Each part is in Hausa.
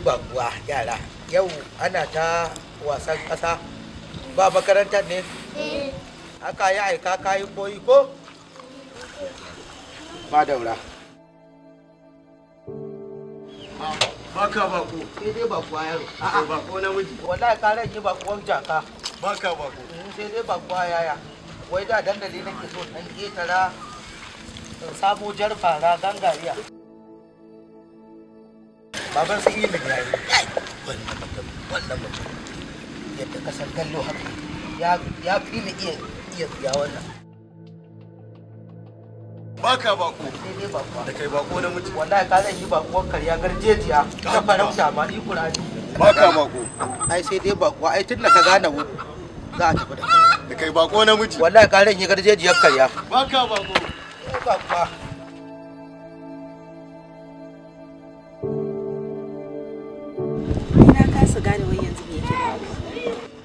ba kuwa yara yau ana ta wasan ƙasa ba makarantar ne eh. aka yi aika kayi koyi ko ba daura baka bako sai dai bakuwa yaro a'a bako miji wallahi ka rage bakuwan jaka baka bako sai dai bakuwa yaya wai da dandali nake so dan ketara in samo jar fara gangariya baban sun yi daga yayi wannan mutum wannan mutum yadda kasar kallo haka ya fi ni iya iya ya wannan baka bako da kai bako na mutum wallahi ka zan yi bakuwar karya garjejiya ta farauta ba ni kurani baka bako ai sai dai bako ai tun da ka gane mu za a tafi da kai da kai bako na miji wallahi ka ran yi garjejiyar karya baka bako baka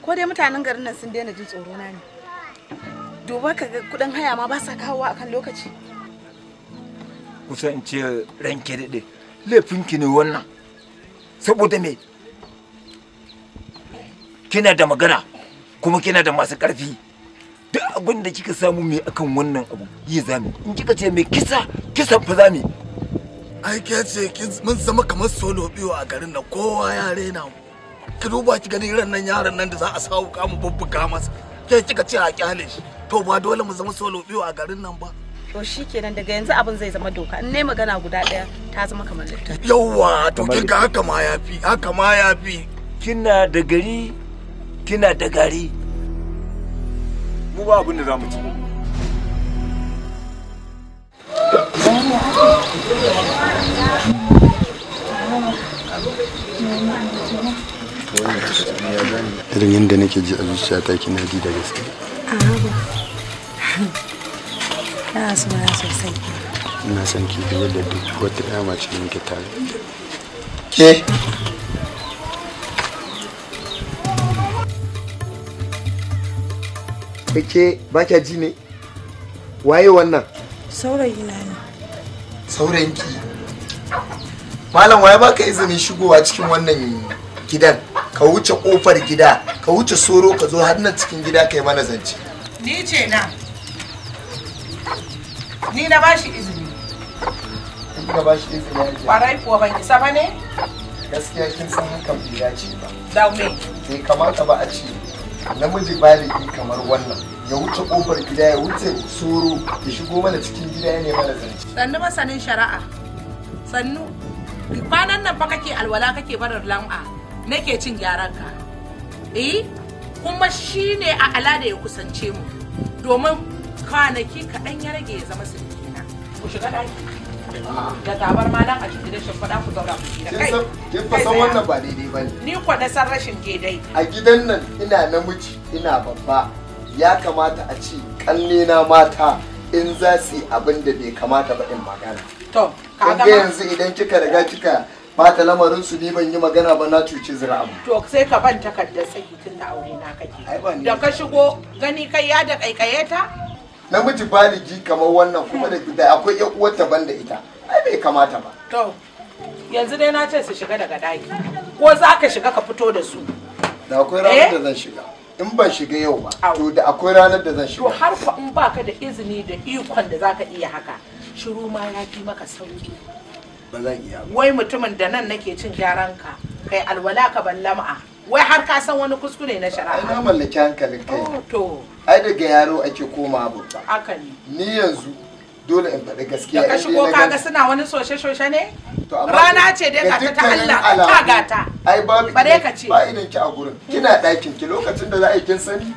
ko dai mutanen garin nan sun daina jin tsoro na ne duba ka ga kudin haya ma ba sa kawowa akan lokaci kusa in ce ranke daɗe laifinki ne wannan saboda me kina da magana kuma kina da masu ƙarfi duk abin da kika samu mai akan wannan abu yi zami in kika ce mai kisa kisan fa zami ai ce mun zama kamar solo biyu a garin nan kowa ya rena mu ki duba ki gani ran nan yaran nan da za a sawo ka mu bubbuga masa ke kika ce a kyale shi to ba dole mu zama solo biyu a garin nan ba to shikenan daga yanzu abin zai zama doka in ne magana guda daya ta zama kamar littafi yawwa to kin ga haka ma yafi haka ma yafi kina da gari kina da gari mu ba abin da zamu ci Thank you. irin yadda nake ji a ta kina ji da gaske a sosai ina son ki biye da duk wata ya mace yanke tare ke kake ba kya ji ne waye wannan saurayi na ne ki. malam waye baka izinin shigowa cikin wannan gidan ka wuce kofar gida ka wuce soro ka zo har nan cikin gida kai mana zance ni ce na ni na ba shi izini na ba shi izini kwarai kuwa ban isa ba ne gaskiya kin san hakan bai dace ba da me bai kamata ba a ce namiji baligi kamar wannan ya wuce kofar gida ya wuce soro ya shigo mana cikin gida ya nema da zance sannu masanin shari'a sannu kwanan nan fa kake alwala kake barar lam'a nake cin gyaran ka eh kuma shine a ala da ya kusance mu domin kwanaki kaɗan ya rage ya zama sirki ku shiga ɗaki da tabar ma nan a cikin da shimfiɗa ku zaura ku shiga kai kin fa san wannan ba daidai bane ni ko na san rashin daidai a gidan nan ina namiji ina babba ya kamata a ce kalle na mata in za su yi abin da bai kamata ba in magana to kaga yanzu idan kika riga kika bata lamarin su ni ban yi magana ba na cuci zira'am to sai ka ban takardar saki tun da aure na kake da ka shigo gani kai ya da kaikaye ta namiji baligi kamar wannan kuma da akwai ya uwarta ban da ita ai bai kamata ba to yanzu dai na ce su shiga daga daki ko za ka shiga ka fito da su da akwai ranar eh? da zan shiga in ban shiga yau ba to da akwai ranar da zan shiga to har fa in baka da izini da ikon da zaka iya haka shiru ma ya fi maka sauki ba zan iya wai mutumin da nan nake cin gyaran ka kai alwala ka ballama wai har ka san wani kuskure na shari'a ina mallaki hankalin kai oh, to ai daga yaro ake koma babba haka ne ni yanzu dole in faɗi gaskiya da ka shigo kaga suna wani soshe soshe ne rana ce dai gata ta Allah ta gata ai ba ka ce ba idan ki a gurin kina ɗakin ki lokacin da za a yi kin sani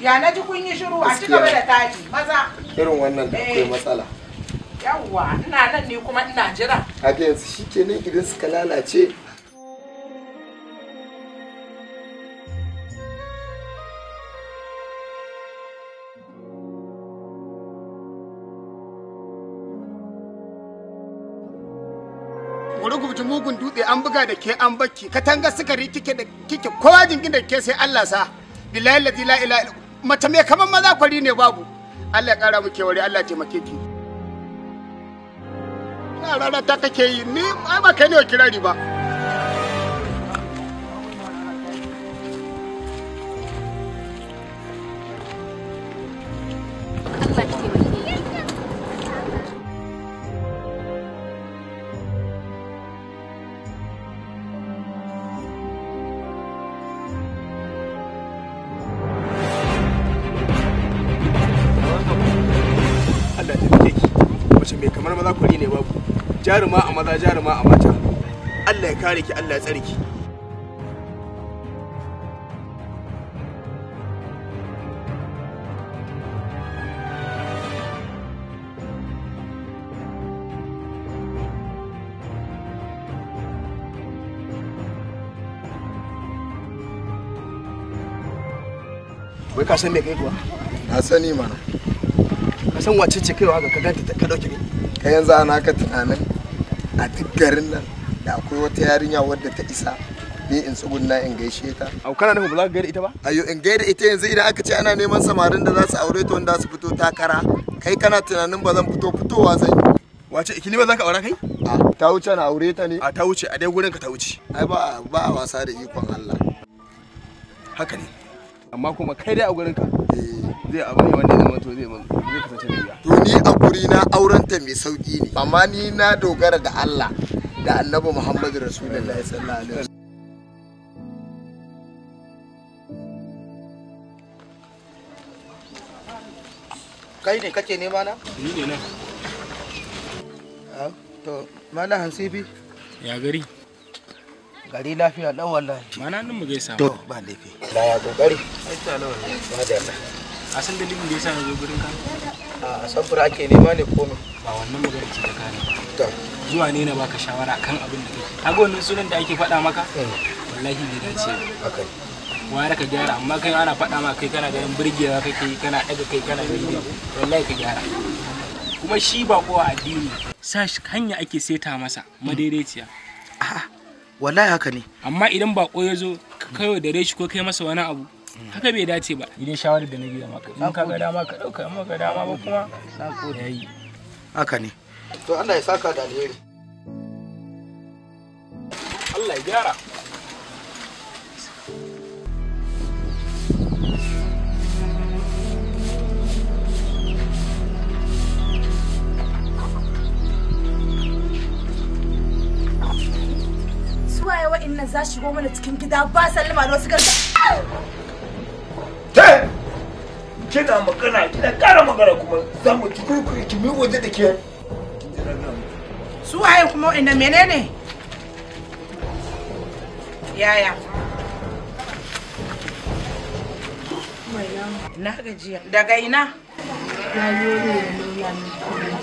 ya na ji kun yi shiru a cigaba da taji maza irin wannan da akwai eh. matsala yawwa ina nan ne kuma ina jira a yanzu shi gidan idan suka lalace rubuta mugun dutse an buga da ke an bakki katanga sukari kike da kike kowa jingin da ke sai Allah sa bilahi la ilaha illa mata me kaman maza kwari ne babu Allah ya kara muke wari Allah ya taimake ki na rana ta kake yi ni ai ba kai ne kirari ba kamar maza kuri ne babu jaruma a maza jaruma a mata allah ya kare ki allah ya tsare ki wai ka san me kai kuwa na sani mana ka san wace ce kaiwa ga ka ganta ka dauke kai yanzu ana ka tunanin a duk garin nan da akwai wata yarinya wadda ta isa ni in tsugunna in gaishe ta. Au kana nufin ba za ka gaida ita ba? Ayo in gaida ita yanzu idan aka ce ana neman samarin da za su aure ta wanda su fito takara kai kana tunanin ba zan fito fitowa zan yi. Wace ba za ka aura kai? A ta wuce na aure ta ne? A ta wuce a dai gurin ka ta wuce. Ai ba ba a wasa da ikon Allah. Haka ne. Amma kuma kai dai a gurin ka. Eh. zai abu ne wanda zama to zai kasance da to ni a guri na aurenta mai sauki ne amma ni na dogara da Allah da Annabi Muhammadu Rasulullahi sallallahu alaihi wasallam kai ne kake nema na? ni ne nan to mala hansibi ya gari gari lafiya dan wallahi mana nan mu gaisa to ba laifi la ya kokari ai ta lawan ba da Allah a san dalilin da yasa na zo gurin ka a samfura ake nema ne ko ba wannan magana ce ta kare ba zuwa ne na baka shawara kan abin da kake kaga wannan sunan da ake faɗa maka hmm. wallahi bai dace ba akai ware ka gyara amma kai ana faɗa ma kai kana ganin burgewa kake kana ɗaga kai kana burgewa wallahi ka gyara kuma shi ba kowa addini sa hanya ake seta masa madaidaiciya a'a wallahi haka ne amma idan ba ya zo ka kaiwa dare shi ko kai masa wani abu haka bai dace ba idan shawarar da na biya maka in ka ga dama ka dauka in ka dama ba kuma sako da yayi haka ne to Allah ya saka da alheri Allah ya gyara suwaye wa'in nan za shigo mana cikin gida ba sallama da wasu garga kina magana kina kara magana kuma za mu ci kurkuri ki mi waje da ke su waye kuma wa'anda menene yaya na gajiya daga ina na ya nuna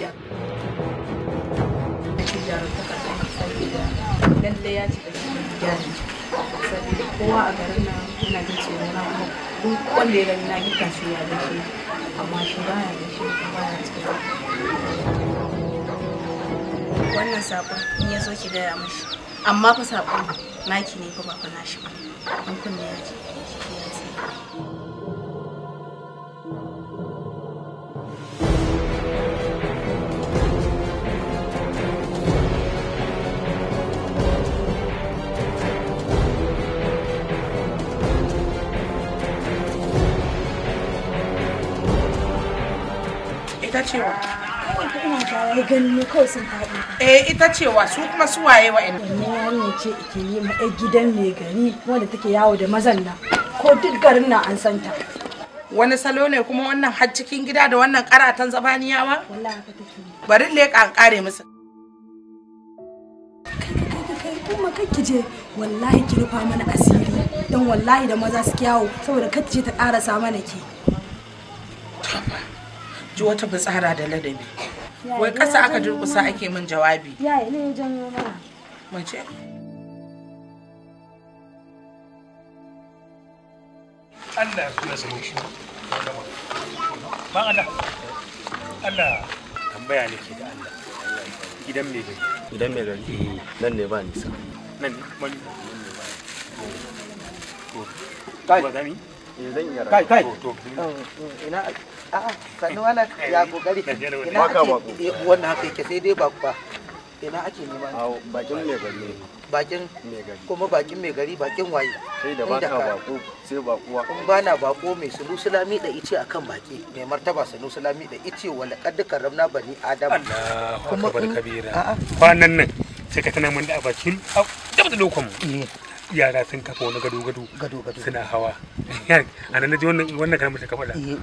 ci da kowa a garin nan kuma duk wanda ya gani na gita shi ya da shi amma shi baya da shi baya cikin wannan sakon in ya zo ki gaya mashi amma fa sakon naki ne fa ba fa nashi ba an kunne ya ce ita ce wa eh ita ce wa su kuma su waye wa ina ne wannan ce ike yi ma ai gidan mai gari wanda take yawo da mazan nan ko duk garin nan an santa wani salo ne kuma wannan har cikin gida da wannan karatan zabaniyawa bari leƙa an kare musu kuma kakki je wallahi ki rufa mana asiri dan wallahi da maza su yawo saboda kakki je ta karasa mana ke ji wata fitsara da ladabi wai ƙasa aka durƙusa ake min jawabi yaya ne ya janyo mana mace Allah ya shi ba Allah Allah tambaya da Allah gidan mai gari gidan mai gari eh nan ne ba nisa nan kai eh, kai kai kai eh, eh, kai Ah, sannu wannan ya kokari ina ake wannan haka yake sai dai bakwa ina ake nema bakin mai gari bakin kuma bakin mai gari bakin waye sai da baka bako sai bakuwa kun bana bako mai sulu sulami da ice akan baki mai martaba sulu sulami da ice wala kaddukan ramna bani adam kuma kabira kwanan nan sai ka tana mun da bakin dab da lokon mu eh. yara sun kafa wani gado gado suna hawa a nan naji wannan wannan kalmar ta kafa da eh,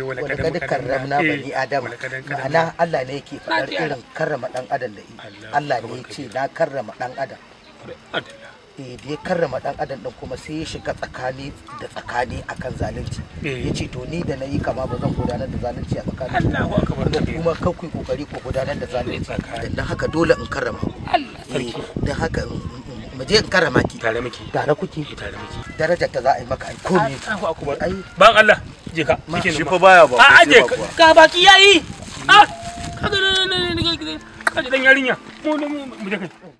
wani kada eh, karramna bani eh, adam ma'ana Allah ne yake faɗar irin karrama dan adam da Allah ne ce na karrama dan adam da ya karrama dan adam din kuma sai ya shiga tsakani da tsakani akan zalunci ya ce to ni da na yi kama ba zan gudanar da zalunci a tsakanin kuma kuma kan ku kokari ku gudanar da zalunci dan haka dole in karrama dan haka mu je in kara maki tare miki tare kuke tare darajar ta za a yi maka ai ban Allah je ka kike shi fa baya ba a je ka baki yayi ne ne ne dan yarinya mu mu je kai